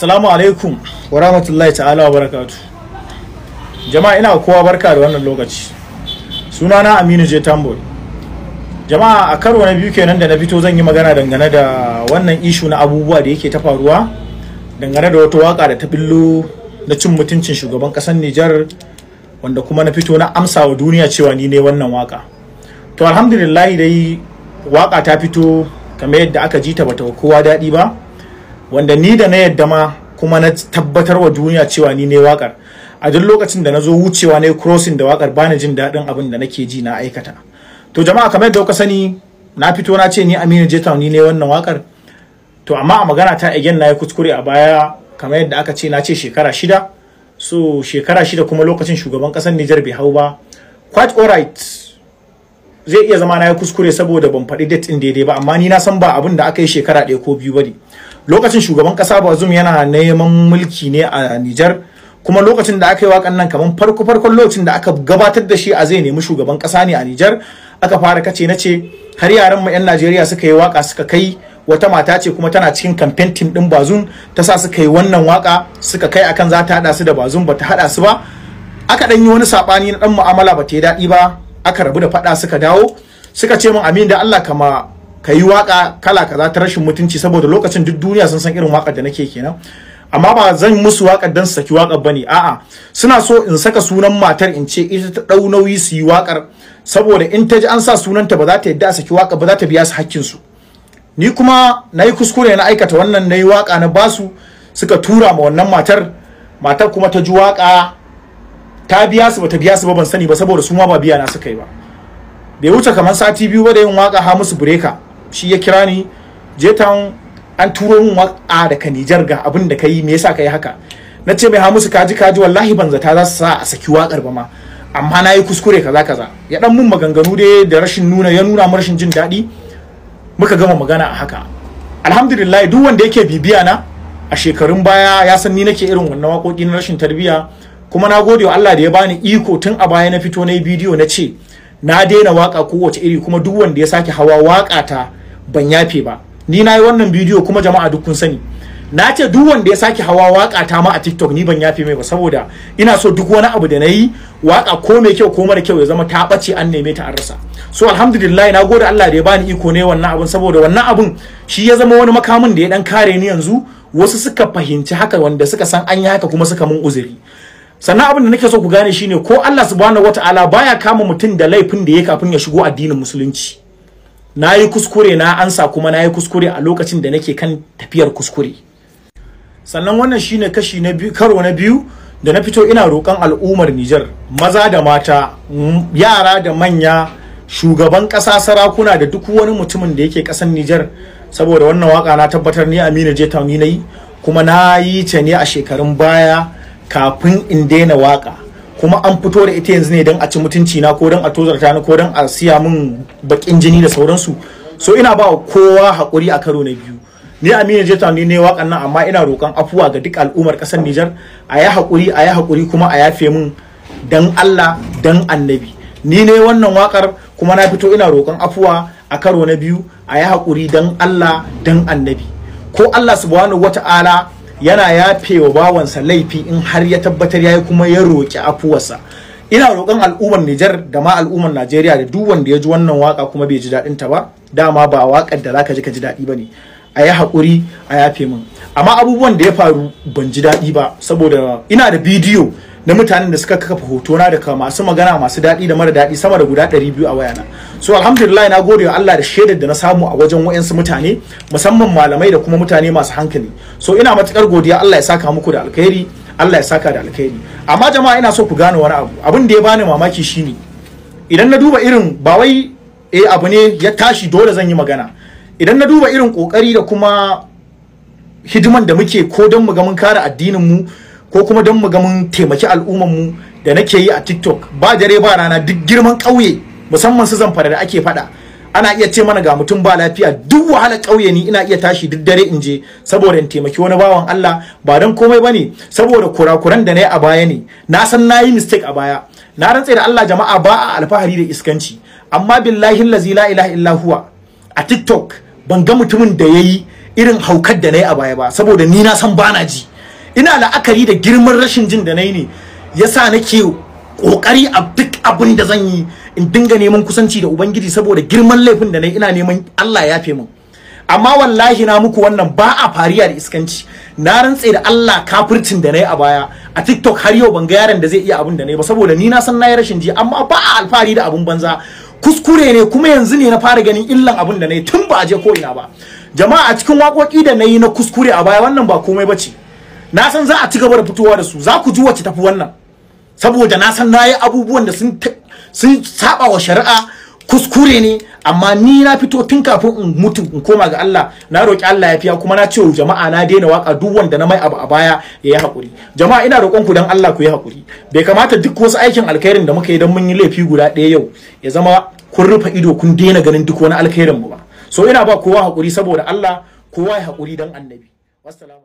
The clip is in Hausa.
Assalamu alaikum wa rahmatullahi ta'ala wa barakatu. Jama'a ina kowa barka da wannan lokaci. Sunana Aminu J. tambo Jama'a a karo na biyu kenan da na fito zan yi magana dangane da wannan ishu na abubuwa da yake ta faruwa dangane da wata waka da ta billo na cin mutuncin shugaban kasar Nijar wanda kuma na fito na amsa wa duniya cewa ni ne wannan waka. To alhamdulillah dai waka ta fito kamar yadda aka ji ta bata kowa daɗi ba. wanda ni da na yadda ma kuma na tabbatar wa duniya cewa ni ne wakar a duk lokacin da na zo wucewa ne crossing da wakar bani jin daɗin abin da nake ji na aikata to jama'a kamar yadda kuka sani na fito na ce ni Aminu ta ni ne wannan wakar to amma a magana ta again na yi kuskure a baya kamar yadda aka ce na ce shekara shida so shekara shida kuma lokacin shugaban kasar Nijar bai hau ba quite alright zai iya zama na yi kuskure saboda ban faɗi date ɗin daidai ba amma ni na san ba abin da aka yi shekara ɗaya ko biyu ba ne lokacin shugaban kasa bazum yana neman mulki ne a Nijar kuma lokacin da aka yi wakan nan kaman farko farkon lokacin da aka gabatar da shi a zai nemi shugaban kasa ne a Nijar aka fara kace na ce har yaran mu yan Najeriya suka yi waka suka kai wata mata ce kuma tana cikin campaign team din Bazum ta sa suka yi wannan waka suka kai akan za ta hada su da Bazum ta hada su ba aka dan yi wani sabani na dan mu'amala ba ta yi dadi ba aka rabu da fada suka dawo suka ce min amin da Allah kama ka yi waka kala kaza ta rashin mutunci saboda lokacin duk duniya sun san irin wakar da nake kenan amma ba zan musu wakar dan saki wakar bane a'a suna so in saka sunan matar in ce ita ta dau nauyi su yi wakar saboda in ta ji an sa sunanta ba za ta yadda a saki wakar ba za ta biya su hakkin su ni kuma na yi kuskure na aikata wannan na yi waka na basu suka tura ma wannan matar matar kuma ta ji waka ta biya su bata biya su ba ban sani ba saboda su ma ba biya na suka yi ba bai wuce kamar sati biyu ba da yin waka ha musu breaker shi ya kira ni je ta an turo min waka daga Nijar ga abin da kai me yasa kai haka na ce mai Hamisu kaji kaji wallahi ban zata za su sa a saki wakar ba ma amma na yi kuskure kaza kaza ya dan mun maganganu dai da rashin nuna ya nuna rashin jin daɗi muka gama magana a haka alhamdulillah duk wanda yake bibiya na a shekarun baya ya san ni nake irin wannan waƙoƙi na rashin tarbiyya kuma na gode wa Allah da ya bani iko tun a baya na fito na yi bidiyo na ce na daina waka kowace iri kuma duk wanda ya sake hawa waka ta ban yafe ba ni na yi wannan bidiyo kuma jama'a duk kun sani na ce duk wanda ya sake hawa waka ta ma a tiktok ni ban yafe mai ba saboda ina so duk wani abu da na yi waka ko mai kyau ko mara kyau ya zama ta ɓace an neme ta an rasa so alhamdulillah na gode Allah da ya bani iko ne wannan abun saboda wannan abun shi ya zama wani makamin da ya dan kare ni yanzu wasu suka fahimci haka wanda suka san an yi haka kuma suka mun uzuri sannan abin da nake so ku gane shine ko Allah subhanahu wataala baya kama mutum da laifin da ya kafin ya shigo addinin musulunci na yi kuskure na ansa kuma na yi kuskure a lokacin da nake kan tafiyar kuskure sannan wannan shine kashi na biyu karo na biyu da na fito ina roƙon al'ummar Nijar maza da mata mm, yara da manya shugaban ƙasa sarakuna da duk wani mutumin da yake ƙasar Nijar saboda wannan waka na tabbatar ni Aminu je tauni nayi kuma na yi ta ne a shekarun baya kafin in daina waka kuma an fito da ita yanzu ne don a ci mutunci na ko don a tozarta ni ko don a siya min bakin jini da sauransu so ina ba kowa hakuri a karo na biyu ni Aminu Jeta ne ne wakan nan amma ina roƙon afuwa ga duk al'ummar ƙasar Nijar a yi haƙuri a yi hakuri kuma a yafe min dan Allah dan annabi ni ne wannan wakar kuma na fito ina roƙon afuwa a karo na biyu a yi haƙuri dan Allah dan annabi ko Allah subhanahu wata'ala yana yafe wa bawansa laifi in har ya tabbatar ya yi kuma ya roƙi afuwarsa ina roƙon al'ummar Nijar da ma al'ummar Najeriya da duk wanda ya ji wannan waka kuma bai ji daɗin ta ba dama ba wakar da zaka ji ka ji daɗi bane a yi haƙuri a yafe min amma abubuwan da ya faru ban ji daɗi ba saboda ina da bidiyo na mutanen da suka kafa hoto hotona daga masu magana masu daɗi da mara daɗi sama da guda 200 a wayana so alhamdulillah na gode wa Allah da shaidar da na samu a wajen wayansu mutane musamman malamai da kuma mutane masu hankali so ina matukar godiya Allah ya saka muku da alkhairi Allah ya saka da alkhairi amma jama'a ina so ku gane wani abu abin da ya bani mamaki shine idan na duba irin ba wai eh abu ne ya tashi dole zan yi magana idan na duba irin kokari da kuma hidiman da muke ko don mu ga mun kare addinin mu ko kuma don mu ga mun taimaki al'ummar mu da nake yi a TikTok ba dare ba rana duk girman ƙauye musamman su zamfara da ake faɗa ana iya ce mana ga mutum ba lafiya duk wahala ƙauye ni ina iya tashi duk dare in je saboda in taimaki wani bawan Allah ba dan komai bane saboda kurakuran da na yi a baya ne na san nayi yi mistake a baya na rantse da Allah jama'a ba a alfahari da iskanci amma billahi allazi la ilaha illa huwa a TikTok ban ga mutumin da yayi irin haukar da nayi a baya ba saboda ni na san bana ji ina la'akari da girman rashin jin da nayi ne yasa nake kokari a duk abin da zan yi in dinga neman kusanci da ubangiji saboda girman laifin da nayi ina neman Allah ya fe min amma wallahi na muku wannan ba a fariya da iskanci na rantse da Allah kafircin da nayi a baya a TikTok har yau ban ga yaron da zai iya abin da nayi ba saboda ni na san nayi rashin ji amma ba a alfari da abin banza kuskure ne kuma yanzu ne na fara ganin illan abin da nayi tun ba a je ko ina ba jama'a a cikin waƙoƙi da nayi na kuskure a baya wannan ba komai bace na san za a ci gaba da fitowa da su za ku ji wacce tafi wannan saboda na san na yi abubuwan da sun saba wa shari'a kuskure ne amma ni na fito tun kafin in mutu in koma ga Allah na roki Allah ya fiya kuma na ce jama'a na daina waka duk wanda na mai abu a baya ya yi hakuri jama'a ina roƙon ku dan Allah ku yi hakuri bai kamata duk wasu aikin alkhairin da muka yi dan mun yi laifi guda ɗaya yau ya zama kun rufe ido kun daina ganin duk wani alkhairin mu ba so ina ba kowa hakuri saboda Allah kowa ya hakuri dan annabi wassalamu